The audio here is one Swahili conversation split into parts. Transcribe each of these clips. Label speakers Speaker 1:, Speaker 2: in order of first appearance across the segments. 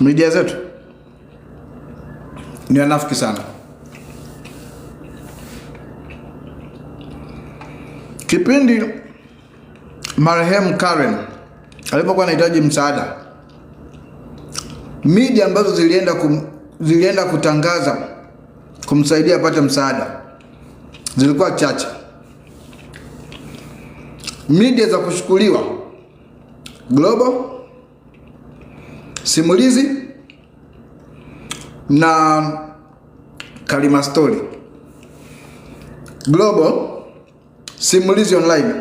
Speaker 1: media zetu ni wanafiki sana. Kipindi marehemu Karen alipokuwa anahitaji msaada, media ambazo zilienda kum, zilienda kutangaza kumsaidia apate msaada zilikuwa chache. Media za kushukuliwa Global simulizi na Kalima Story Global, simulizi online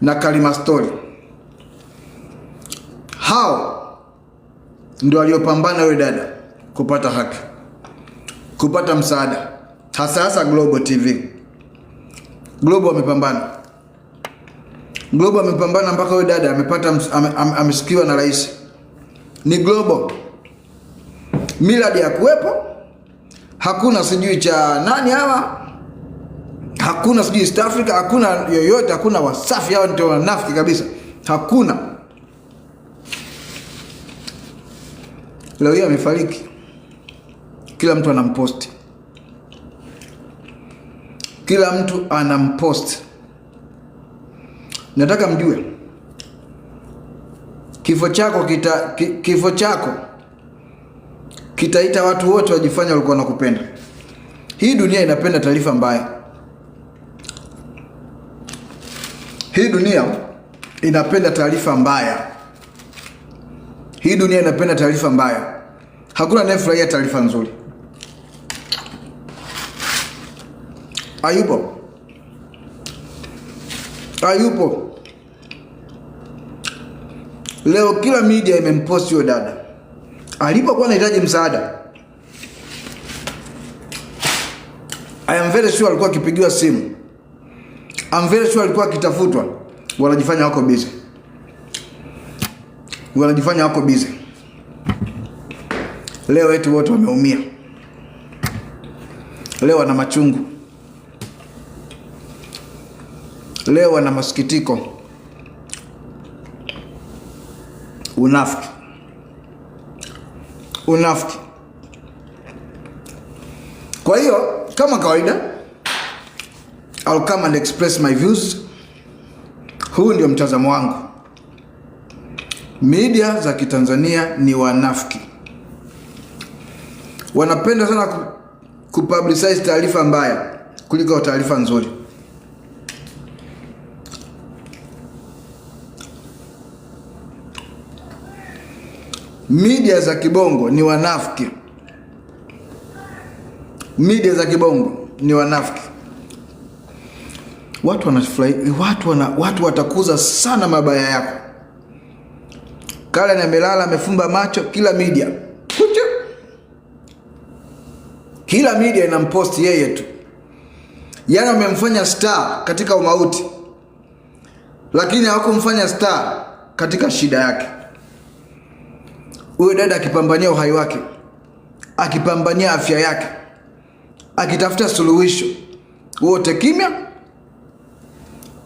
Speaker 1: na Kalima Story. Hao ndio waliopambana yule dada kupata haki, kupata msaada, hasa hasa Global TV. Global amepambana, Global amepambana mpaka yule dada amepata, amesikiwa na rais ni global. Millard ya kuwepo, hakuna sijui cha nani hawa, hakuna sijui East Africa, hakuna yoyote, hakuna Wasafi, hawa ndio wanafiki kabisa, hakuna. Leo hii amefariki, kila mtu anamposti, kila mtu anamposti. Nataka mjue Kifo chako kita, kifo chako kitaita watu wote wajifanya walikuwa wanakupenda. Hii dunia inapenda taarifa mbaya. Hii dunia inapenda taarifa mbaya. Hii dunia inapenda taarifa mbaya. Hakuna anayefurahia taarifa nzuri. Hayupo, hayupo. Leo kila media imemposti huyo dada alipokuwa anahitaji msaada. I am very sure alikuwa akipigiwa simu. I am very sure alikuwa akitafutwa. Wanajifanya wako busy, wanajifanya wako busy. Leo eti wote wameumia, leo wana machungu, leo wana masikitiko. Unafiki, unafiki. Kwa hiyo kama kawaida, I'll come and express my views. Huu ndio mtazamo wangu. Media za Kitanzania ni wanafiki, wanapenda sana kupublicize taarifa mbaya kuliko taarifa nzuri. Media za kibongo ni wanafiki, media za kibongo ni wanafiki. Watu wanafurahi, watu wana, watu watakuza sana mabaya yako. Kale na melala amefumba macho, kila media kila media inamposti yeye tu, yana wamemfanya star katika umauti, lakini hawakumfanya star katika shida yake. Huyo dada akipambania uhai wake, akipambania afya yake, akitafuta suluhisho, wote kimya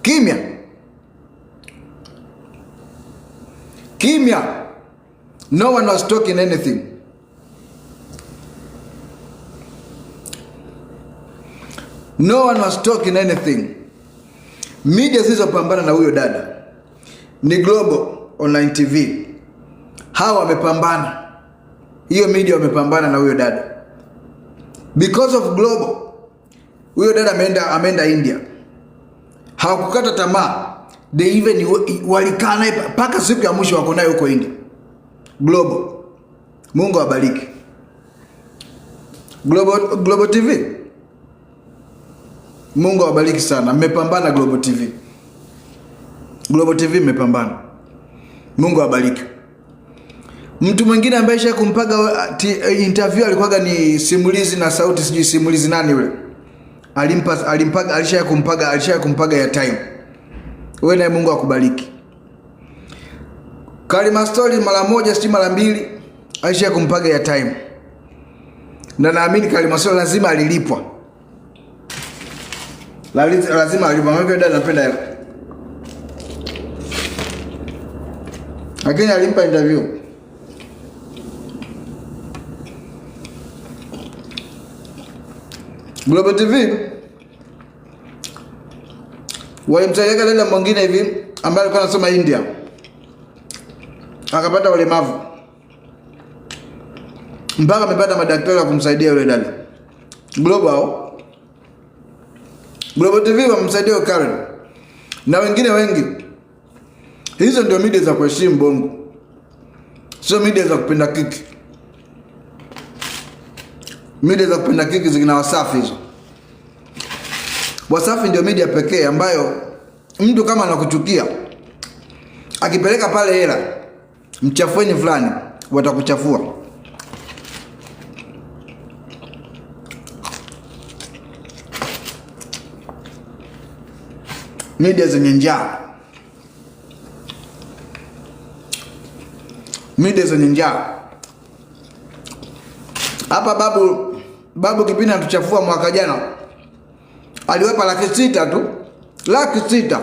Speaker 1: kimya kimya, no one was talking anything. No one was talking anything. Media zilizopambana na huyo dada ni Global Online TV hawa wamepambana, hiyo media wamepambana na huyo dada because of global. Huyo dada ameenda ameenda India, hawakukata tamaa, they even walikaa naye mpaka siku ya mwisho, wako naye huko India. Global, Mungu awabariki. Global, Global TV, Mungu awabariki sana, mmepambana Global TV. Global TV mmepambana, Mungu awabariki. Mtu mwingine ambaye sha kumpaga uh, uh, interview alikuwaga ni simulizi na sauti, sijui simulizi nani yule, alimpa alimpaga, alisha kumpaga, alisha kumpaga ya time. Wewe naye Mungu akubariki. Karima Story mara moja, si mara mbili, alisha kumpaga ya time, na naamini Karima Story lazima alilipwa, lazima alipwa Mimi dada anapenda yako, lakini alimpa interview Global TV walimteleka dada mwingine hivi ambaye alikuwa anasoma India akapata ulemavu mpaka amepata madaktari wa kumsaidia yule dada. Global Global TV wamsaidia Karen na wengine wengi. Hizo ndio media za kuheshimu Bongo, sio media za kupenda kiki media za kupenda kiki zikina Wasafi hizo. Wasafi ndio media pekee ambayo mtu kama anakuchukia akipeleka pale hela mchafueni fulani, watakuchafua. Media zenye njaa, media zenye njaa. Hapa babu babu kipindi anatuchafua mwaka jana aliwepa laki sita tu, laki sita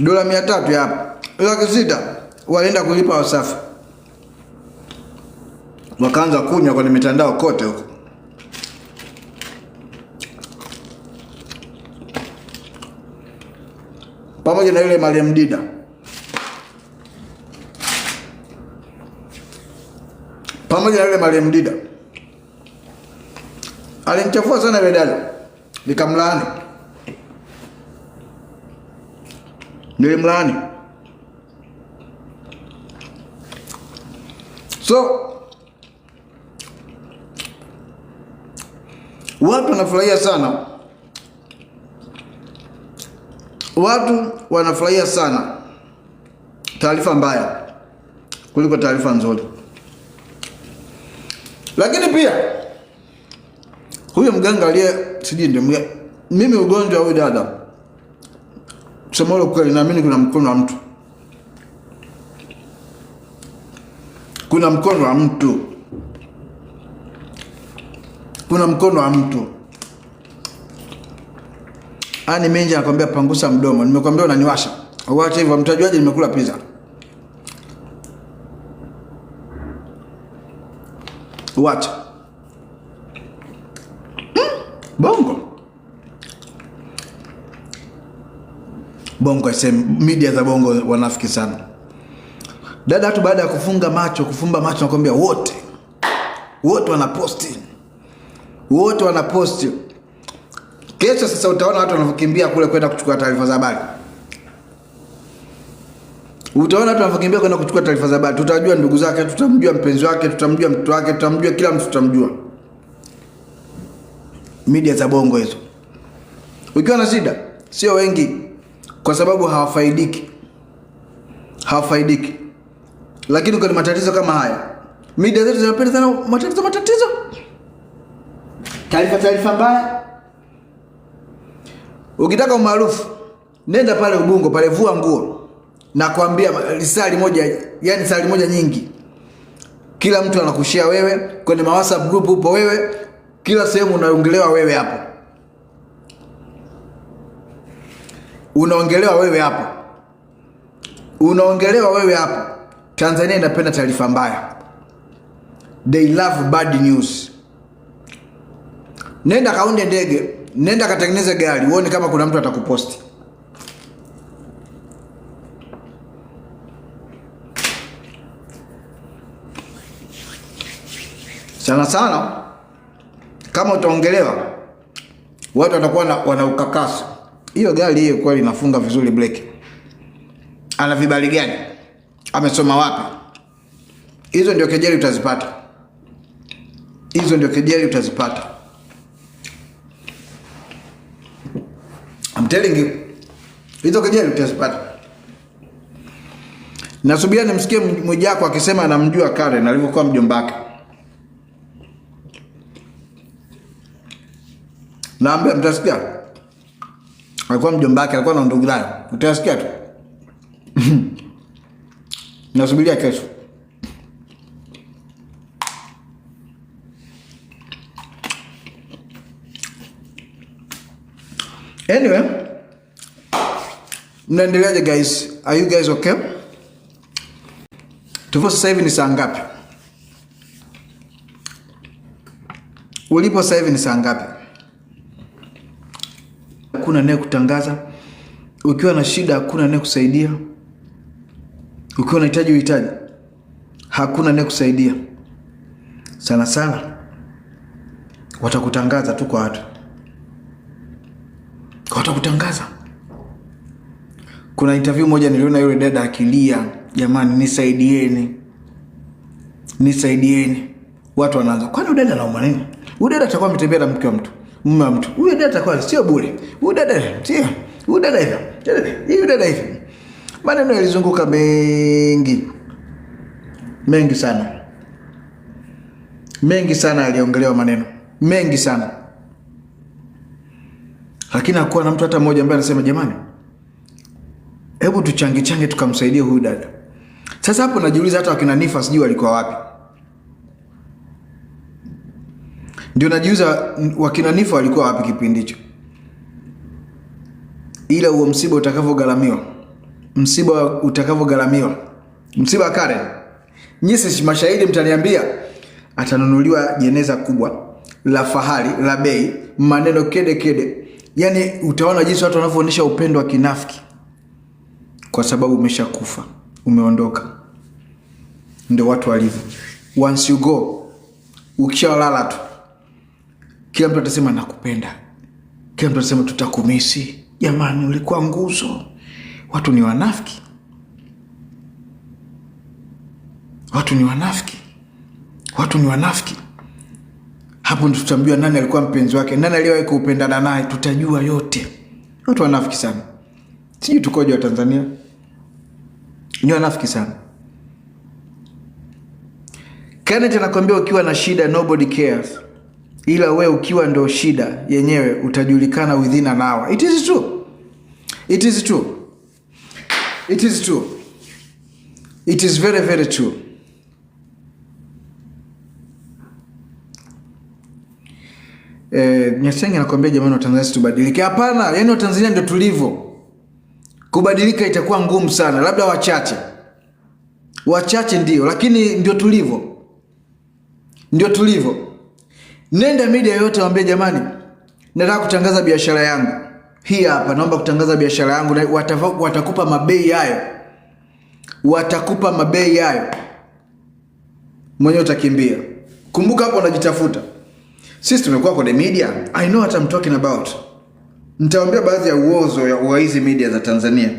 Speaker 1: dola mia tatu hapa, laki sita walienda kulipa Wasafi, wakaanza kunywa kwenye mitandao kote huko. pamoja na yule Mariam Dida. pamoja na yule Mariam Dida alimchafua sana yule dada, nikamlaani, nilimlaani. So watu wanafurahia sana, watu wanafurahia sana taarifa mbaya kuliko taarifa nzuri. Lakini pia huyo mganga aliye sijui ndio mimi ugonjwa huyu dada, kusema ile kweli, naamini kuna mkono wa mtu, kuna mkono wa mtu, kuna mkono wa mtu. Ani menja nakwambia, pangusa mdomo. Nimekwambia unaniwasha, uwache hivyo, mtajuaje nimekula pizza? Watch. Mm, Bongo Bongo FM, media za Bongo wanafiki sana dada. tu baada ya kufunga macho, kufumba macho, nakwambia wote wote wanaposti, wote wanaposti. Kesho sasa utaona watu wanavyokimbia kule kwenda kuchukua taarifa za habari. Utaona watu wanavyokimbia kwenda kuchukua taarifa za habari. Tutajua ndugu zake, tutamjua mpenzi wake, tutamjua mtoto wake, tutamjua kila mtu, tutamjua. Media za bongo hizo, ukiwa na shida, sio wengi, kwa sababu hawafaidiki, hawafaidiki. Lakini kwa matatizo kama haya, media zetu zinapenda sana matatizo, matatizo, taarifa, taarifa mbaya. Ukitaka umaarufu, nenda pale Ubungo pale, vua nguo na kuambia moja, yani sali moja nyingi. Kila mtu anakushia wewe kwenye WhatsApp group, upo wewe, kila sehemu unaongelewa wewe hapo, unaongelewa wewe hapo, unaongelewa wewe hapo. Tanzania inapenda taarifa mbaya, they love bad news. Nenda kaunde ndege, nenda katengeneze gari, uone kama kuna mtu atakuposti. Sana sana kama utaongelewa, watu watakuwa na, wana ukakasi. Hiyo gari hiyo kweli inafunga vizuri breki? Ana vibali gani? Amesoma wapi? Hizo ndio kejeli utazipata, hizo ndio kejeli utazipata. I'm hizo kejeli utazipata. Nasubia nimsikie mmoja wako akisema anamjua Karen alivyokuwa mjomba wake. Naambia mtasikia. Alikuwa mjomba wake, alikuwa na ndugu yake. Utasikia tu. Nasubiria kesho. Anyway, mnaendeleaje guys? Are you guys okay? Tupo sasa hivi ni saa ngapi? Ulipo sasa hivi ni saa ngapi? hakuna kutangaza ukiwa na shida, hakuna kusaidia ukiwa unahitaji uhitaji, hakuna kusaidia sana sana, watakutangaza tu kwa watu, watakutangaza. Kuna interview moja niliona yule dada akilia, jamani, nisaidieni, nisaidieni. Watu wanaanza, kwani udada anauma Udada atakuwa ametembea na mke wa mtu mma mtu huyo dada kwanza sio bure, huyo dada sio huyo dada hivi. huyo dada hivyo. Maneno yalizunguka mengi mengi sana, mengi sana yaliongelewa, maneno mengi sana lakini hakuwa na mtu hata mmoja ambaye anasema jamani, hebu tuchangichange tukamsaidie tukamsaidia huyu dada. Sasa hapo najiuliza hata wakina Nifa sijui walikuwa wapi Ndio najiuza wakina Nifa walikuwa wapi kipindi hicho, ila huo msiba utakavyogaramiwa, msiba utakavyogaramiwa, msiba Karen, nyisi mashahidi mtaniambia, atanunuliwa jeneza kubwa la fahari la bei, maneno kede kede. Yani utaona jinsi watu wanavyoonyesha upendo wa kinafiki, kwa sababu umeshakufa, umeondoka. Ndio watu walivyo, once you go, ukishalala tu kila mtu atasema nakupenda, kila mtu atasema tutakumisi. Jamani, ulikuwa nguzo. Watu ni wanafiki, watu ni wanafiki, watu ni wanafiki. Hapo ndo tutamjua nani alikuwa mpenzi wake, nani aliyewahi kuupendana naye, tutajua yote. Watu wanafiki sana, sijui tukoje wa Tanzania, ni wanafiki sana. Kenneth anakwambia ukiwa na shida nobody cares ila we ukiwa ndo shida yenyewe utajulikana within an hour. It is true. It is true. It is true. It is very very true. Eh, Nyasengi anakuambia jamani, Watanzania situbadilike. Hapana, yani Watanzania ndio tulivyo, kubadilika itakuwa ngumu sana, labda wachache wachache ndio, lakini ndio tulivyo, ndio tulivyo. Nenda media yote waambie, jamani, nataka kutangaza biashara yangu hii hapa, naomba kutangaza biashara yangu, na watakupa mabei hayo, watakupa mabei hayo, mwenyewe utakimbia. Kumbuka hapo unajitafuta. Sisi tumekuwa kwenye media, I know what I'm talking about. nitaambia baadhi ya uozo wa hizi media za Tanzania.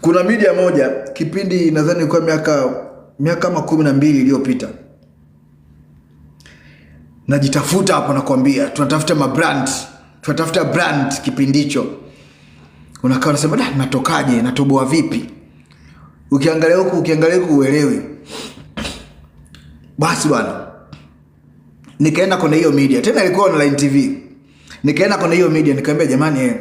Speaker 1: Kuna media moja kipindi, nadhani kwa miaka miaka kama kumi na mbili iliyopita najitafuta hapo, nakwambia, tunatafuta mabrand, tunatafuta brand kipindi hicho. Unakaa unasema, da, natokaje? Natoboa vipi? Ukiangalia huku, ukiangalia huku, uelewi. Basi bwana, nikaenda kwenye hiyo media tena, ilikuwa online TV. Nikaenda kwenye hiyo media nikaambia jamani, eh,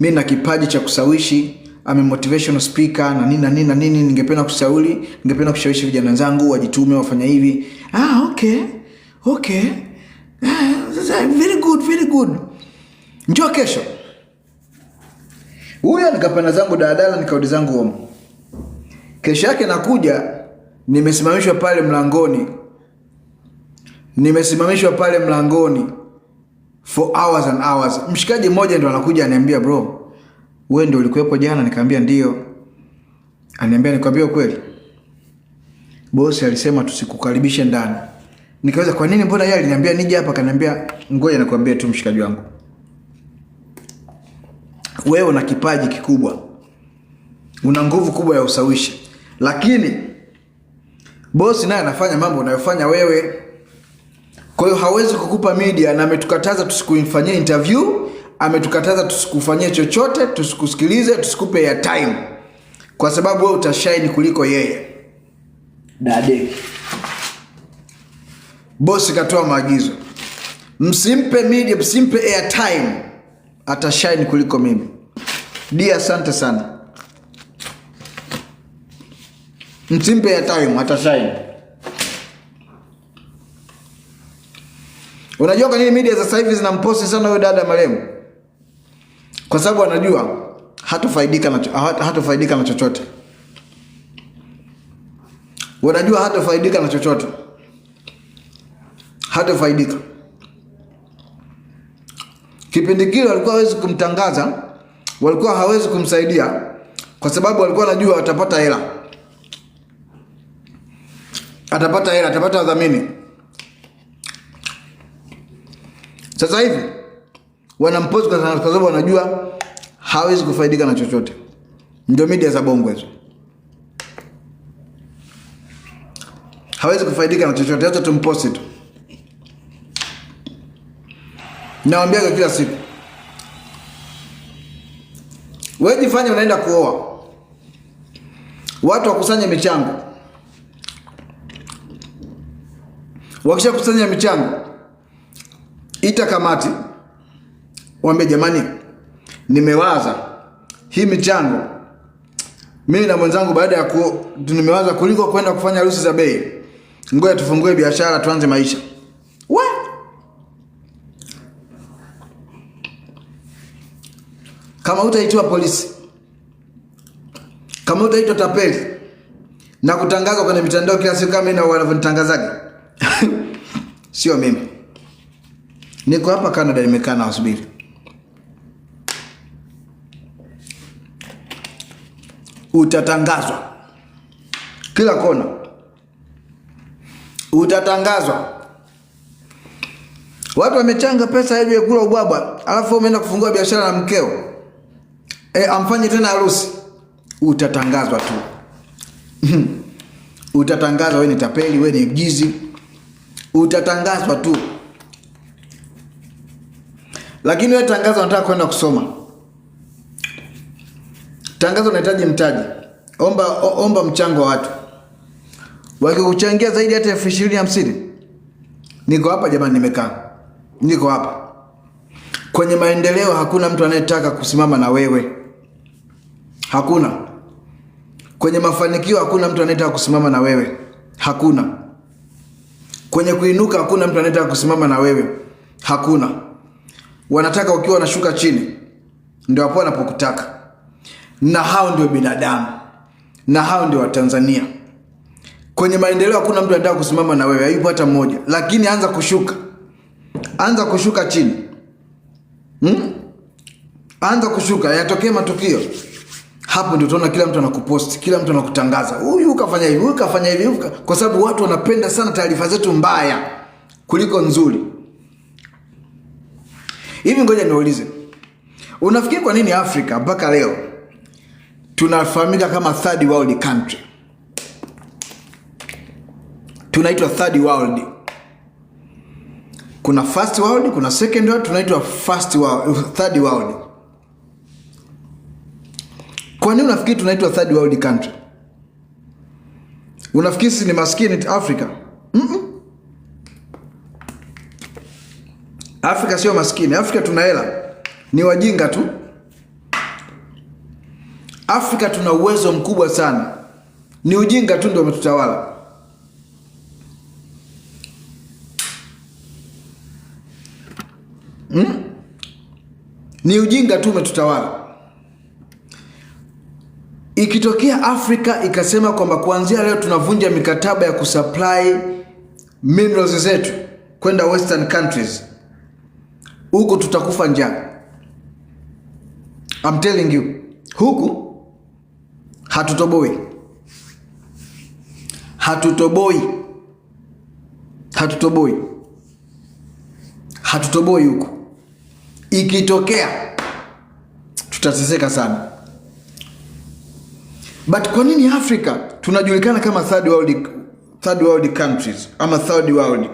Speaker 1: mimi na kipaji cha kusawishi ame motivational speaker na nini na nini na nini, ningependa kushauri, ningependa kushawishi vijana wenzangu wajitume, wafanya hivi. Ah, okay okay very good, very good, njoo kesho. Huyo nikapanda zangu daladala nikarudi zangu home. Kesho yake nakuja, nimesimamishwa pale mlangoni, nimesimamishwa pale mlangoni for hours and hours. Mshikaji mmoja ndo anakuja ananiambia, bro, wewe ndio ulikuwepo jana? Nikamwambia ndio. Ananiambia, nikwambia ukweli, bosi alisema tusikukaribishe ndani. Nikaweza, kwa nini mbona yeye aliniambia nije hapa? Kaniambia ngoja nakwambia tu mshikaji wangu, wewe una kipaji kikubwa, una nguvu kubwa ya usawishi lakini bosi naye anafanya mambo unayofanya wewe, kwa hiyo hawezi kukupa media, na ametukataza tusikufanyie interview, ametukataza tusikufanyie chochote, tusikusikilize, tusikupe ya time kwa sababu wewe utashine kuliko yeye. Dadeki. Bosi katoa maagizo, msimpe media, msimpe airtime, atashine kuliko mimi. Dia, asante sana. Msimpe airtime, atashine. Unajua kwa nini media za sasa hivi zinamposti sana huyo dada marehemu? Kwa sababu anajua hatofaidika na, hatofaidika na chochote. Wanajua hatofaidika na chochote hatafaidika. Kipindi kile walikuwa hawezi kumtangaza, walikuwa hawezi kumsaidia kwa sababu walikuwa wanajua watapata hela, atapata hela, atapata wadhamini. Sasa hivi wanampozi kwa sababu wanajua hawezi kufaidika na chochote. Ndio media za bongo hizo, hawezi kufaidika na chochote, hata tumposti tu. Nawambiaga kila siku, wewe jifanye unaenda kuoa, watu wakusanye michango. Wakisha kusanya michango, ita kamati, waambie jamani, nimewaza hii michango mimi na mwenzangu, baada ya ku nimewaza kuliko kwenda kufanya harusi za bei, ngoja tufungue biashara, tuanze maisha Kama utaitiwa polisi, kama utaitwa tapeli na kutangazwa kwenye mitandao kila siku kama wanavyonitangazaga sio mimi. Niko hapa Canada, nimekaa na wasubiri utatangazwa kila kona, utatangazwa. Watu wamechanga pesa hivi kula ubwabwa, alafu umeenda kufungua biashara na mkeo e, amfanye tena harusi, utatangazwa tu hmm. utatangazwa, we ni tapeli, we ni mjizi, utatangazwa tu. Lakini we tangazo unataka kwenda kusoma, tangazo unahitaji mtaji, omba, omba mchango wa watu, wakikuchangia zaidi hata elfu ishirini hamsini Niko hapa jamani, nimekaa niko hapa kwenye maendeleo. Hakuna mtu anayetaka kusimama na wewe. Hakuna kwenye mafanikio, hakuna mtu anayetaka kusimama na wewe, hakuna kwenye kuinuka, hakuna mtu anayetaka kusimama na wewe, hakuna. Wanataka ukiwa unashuka chini, ndio wapo wanapokutaka, na hao ndio binadamu, na hao ndio Watanzania. Kwenye maendeleo hakuna mtu anataka kusimama na wewe, hayupo hata mmoja. Lakini anza kushuka, anza kushuka chini, hmm? Anza kushuka, yatokee matukio hapo ndio utaona kila mtu anakupost, kila mtu anakutangaza, huyu kafanya hivi, huyu kafanya hivi, kwa sababu watu wanapenda sana taarifa zetu mbaya kuliko nzuri. Hivi ngoja niulize, unafikiri kwa nini Afrika mpaka leo tunafahamika kama third world country? Tunaitwa third world. Kuna first world, kuna second world, tunaitwa first world, third world kwa nini unafikiri tunaitwa third world country? Unafikiri sisi ni maskini Africa? Mm -mm. Afrika sio maskini, Afrika tuna hela, ni wajinga tu. Afrika tuna uwezo mkubwa sana, ni ujinga tu ndio umetutawala. Mm? Ni ujinga tu umetutawala. Ikitokea Afrika ikasema kwamba kuanzia leo tunavunja mikataba ya kusupply minerals zetu kwenda western countries, huku tutakufa njaa. I'm telling you, huku hatutoboi, hatutoboi, hatutoboi, hatutoboi huku. Ikitokea tutateseka sana. But kwa nini Afrika tunajulikana kama third world, third world countries ama third world?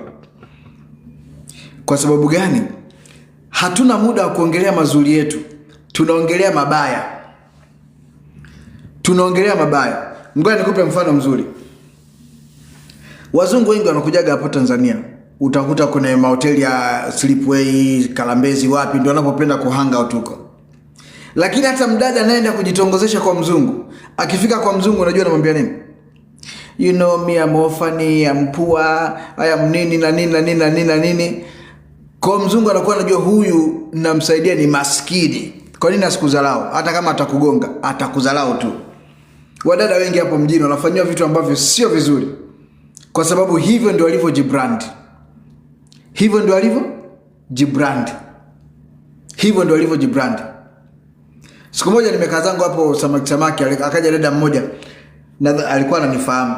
Speaker 1: Kwa sababu gani? Hatuna muda wa kuongelea mazuri yetu, tunaongelea mabaya, tunaongelea mabaya. Ngoja nikupe mfano mzuri. Wazungu wengi wanakujaga hapo Tanzania, utakuta kuna mahoteli ya Slipway, Kalambezi, wapi ndio wanapopenda kuhanga utuko lakini hata mdada anaenda kujitongozesha kwa mzungu, akifika kwa mzungu unajua anamwambia nini? You know me I'm ofani I'm poor, I am nini na nini na nini na nini na nini. Kwa mzungu anakuwa anajua huyu namsaidia ni maskini. Kwa nini asikuzalau? Hata kama atakugonga, atakuzalau tu. Wadada wengi hapo mjini wanafanyiwa vitu ambavyo sio vizuri, kwa sababu hivyo ndio alivyo Jibrand, hivyo ndio alivyo Jibrand, hivyo ndio alivyo Jibrand. Siku moja nimekaa zangu hapo samaki samaki, akaja dada mmoja na alikuwa ananifahamu.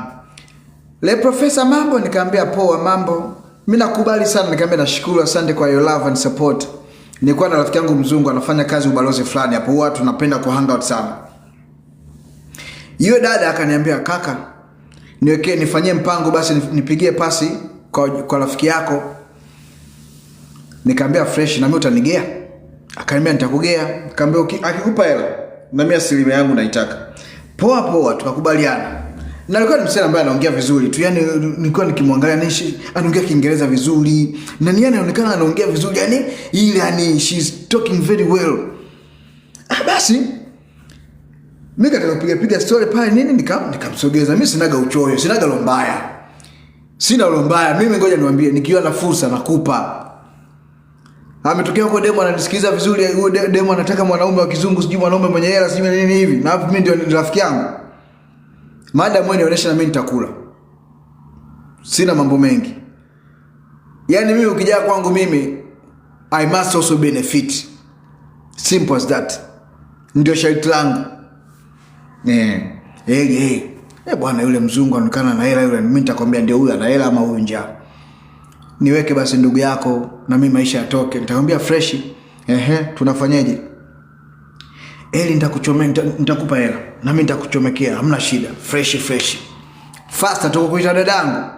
Speaker 1: Le profesa, mambo? Nikamwambia poa, mambo. Mimi nakubali sana, nikamwambia nashukuru, asante kwa your love and support. Nilikuwa na rafiki yangu mzungu anafanya kazi ubalozi fulani hapo, huwa tunapenda ku hang out sana. Yule dada akaniambia, kaka, niweke nifanyie mpango basi, nipigie pasi kwa, kwa rafiki yako. Nikamwambia fresh, na mimi utanigea Akaniambia nitakugea, nikamwambia akikupa hela na mimi asilimia yangu naitaka. Poa poa, tukakubaliana. Na alikuwa ni msichana ambaye anaongea vizuri tu. yani nilikuwa nikimwangalia nishi anaongea Kiingereza vizuri. Na ni anaonekana anaongea vizuri. yani ile yani she's talking very well. Ah, basi mimi katika kupiga piga story pale nini nikam nikamsogeza. Mimi sinaga uchoyo, sinaga lombaya. Sina lombaya. Mimi ngoja niwaambie nikiwa na fursa nakupa ametokea huko demo ananisikiliza vizuri, huyo demo anataka mwanaume wa kizungu, sijui mwanaume mwenye hela, sijui nini hivi, na hapo mimi ndio rafiki yangu, mada mwe nionyesha na mimi nitakula, sina mambo mengi. Yani mimi ukija kwangu mimi I must also benefit, simple as that, ndio sharti langu eh. Hey, eh, eh. hey. Eh, bwana yule mzungu anaonekana na hela yule, mimi nitakwambia ndio huyu ana hela ama huyu njaa niweke basi ndugu yako na mimi maisha yatoke. Nitakwambia fresh, ehe, tunafanyaje? Eli, nitakuchomea nitakupa hela na mimi nitakuchomekea, hamna shida. Fresh fresh fasta, tuko kuita dadangu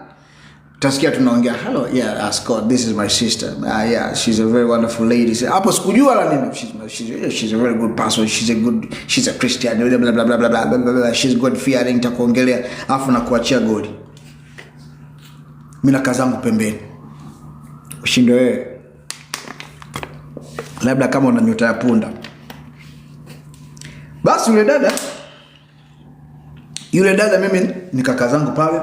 Speaker 1: tasikia tunaongea hello yeah ask ah, God this is my sister ah uh, yeah she's a very wonderful lady hapo sikujua la nini she's, she's, she's a very good person she's a good she's a Christian blah blah blah blah blah, blah, blah. she's God fearing nitakuongelea afu nakuachia godi. mimi na kazangu pembeni ushinde wewe, labda kama una nyota ya punda. Basi yule dada yule dada, mimi ni kaka zangu pale,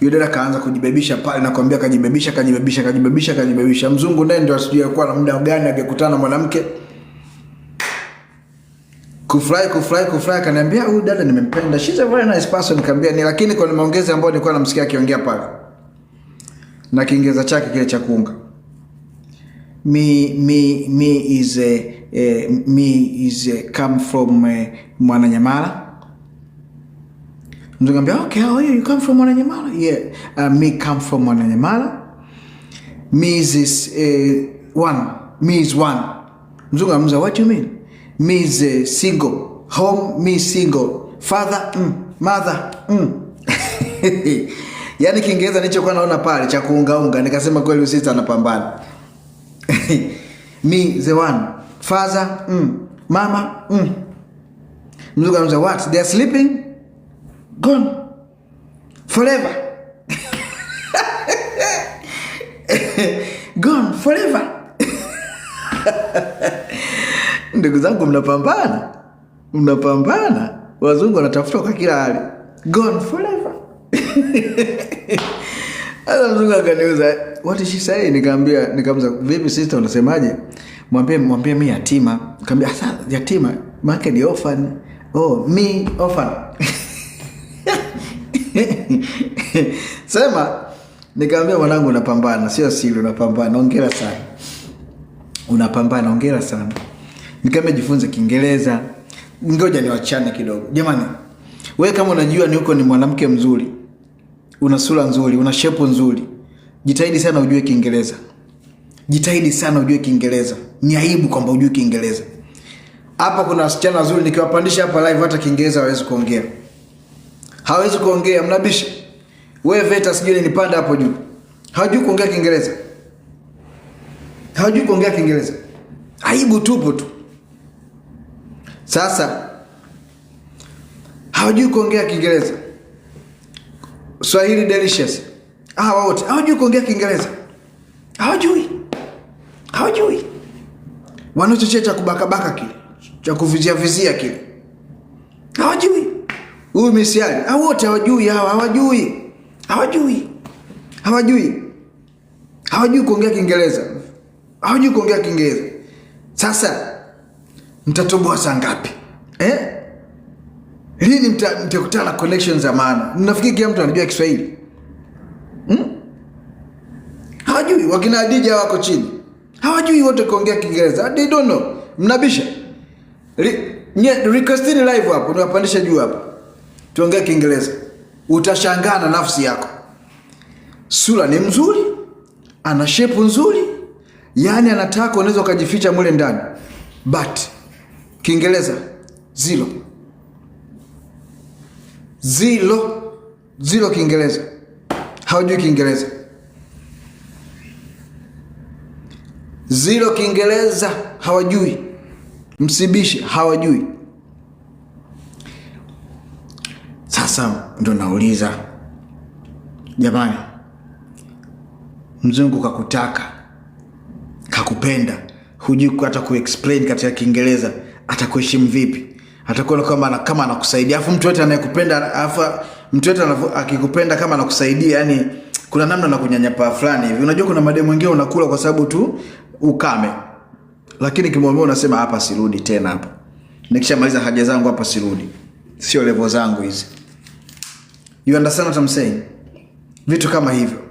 Speaker 1: yule dada kaanza kujibebisha pale, nakwambia kajibebisha, kajibebisha, kajibebisha, kajibebisha. Mzungu naye ndio asijue alikuwa na muda gani angekutana na mwanamke kufurahi kufurahi kufurahi, akaniambia huyu dada nimempenda, she's a very nice person. Nikamwambia ni, lakini kwa maongezi ambayo nilikuwa namsikia akiongea pale na Kiingereza chake kile cha kuunga me me me is a, a me is a, come from a, uh, Mwananyamala. Mtu ngambia okay, how are you? You come from Mwananyamala? Yeah, uh, me come from Mwananyamala. Me is this, uh, one. Me is one. mtu amza what you mean? Me is uh, single. Home me single. Father mm, mother mm. Yaani Kiingereza nilichokuwa naona pale cha kuungaunga, nikasema kweli sisi anapambana. me the one father mm. mama mm. mzuga anauza what they are sleeping gone forever gone forever. Ndugu zangu, mnapambana mnapambana, wazungu wanatafuta kwa kila hali, gone forever sasa mzungu akaniuza, what is she say? Nikamwambia, nikamza vipi sister, unasemaje? Mwambie mwambie mimi yatima. Nikamwambia sasa yatima maana ni orphan. Oh, me orphan. Sema nikamwambia mwanangu, unapambana, sio siri, unapambana. ongera sana. Unapambana, ongera sana. Nikamwambia jifunze Kiingereza. Ngoja niwachane kidogo. Jamani, wewe kama unajua ni huko ni mwanamke mzuri una sura nzuri, una shepu nzuri, jitahidi sana ujue Kiingereza. Jitahidi sana ujue Kiingereza. Ni aibu kwamba ujue Kiingereza. Hapa kuna wasichana wazuri, nikiwapandisha hapa live, hata Kiingereza hawezi kuongea, hawezi kuongea, mnabisha wewe VETA sijui nilipanda hapo juu, hawajui kuongea Kiingereza, hawajui kuongea Kiingereza. Aibu tupo tu. Sasa hawajui kuongea Kiingereza. Swahili delicious. Hawa ah, wote hawajui kuongea Kiingereza, hawajui, hawajui, wanachochea cha kubakabaka kile cha kuvizia vizia kile, hawajui. Huyu misiari hao ah, wote hawajui, hawa hawajui, hawajui, hawajui, hawajui kuongea Kiingereza, hawajui kuongea Kiingereza. Sasa mtatoboa saa ngapi eh? Lini mtakutana na connection za maana? Mnafikiri kila mtu anajua Kiswahili? Hmm? Hawajui. Wakina Adija wako chini, hawajui wote kuongea Kiingereza, they don't know. Mnabisha Re requestini live hapo, niwapandisha juu hapo, tuongee Kiingereza, utashangaa na nafsi yako. Sura ni mzuri, ana shepu nzuri, yaani anataka unaweza ukajificha mule ndani, but Kiingereza zero zero zero Kiingereza, hawajui Kiingereza zero Kiingereza hawajui, msibishi hawajui. Sasa ndo nauliza jamani, mzungu kakutaka, kakupenda, hujui hata kuexplain katika Kiingereza, atakuheshimu vipi? atakuona kama kama anakusaidia, afu mtu yote anayekupenda, afu mtu yote akikupenda kama anakusaidia, yani kuna namna na kunyanyapa fulani hivi. Unajua kuna mademu wengine unakula kwa sababu tu ukame, lakini kimwambia unasema hapa sirudi tena, hapa nikishamaliza haja zangu hapa sirudi, sio level zangu hizi. You understand what I'm saying? Vitu kama hivyo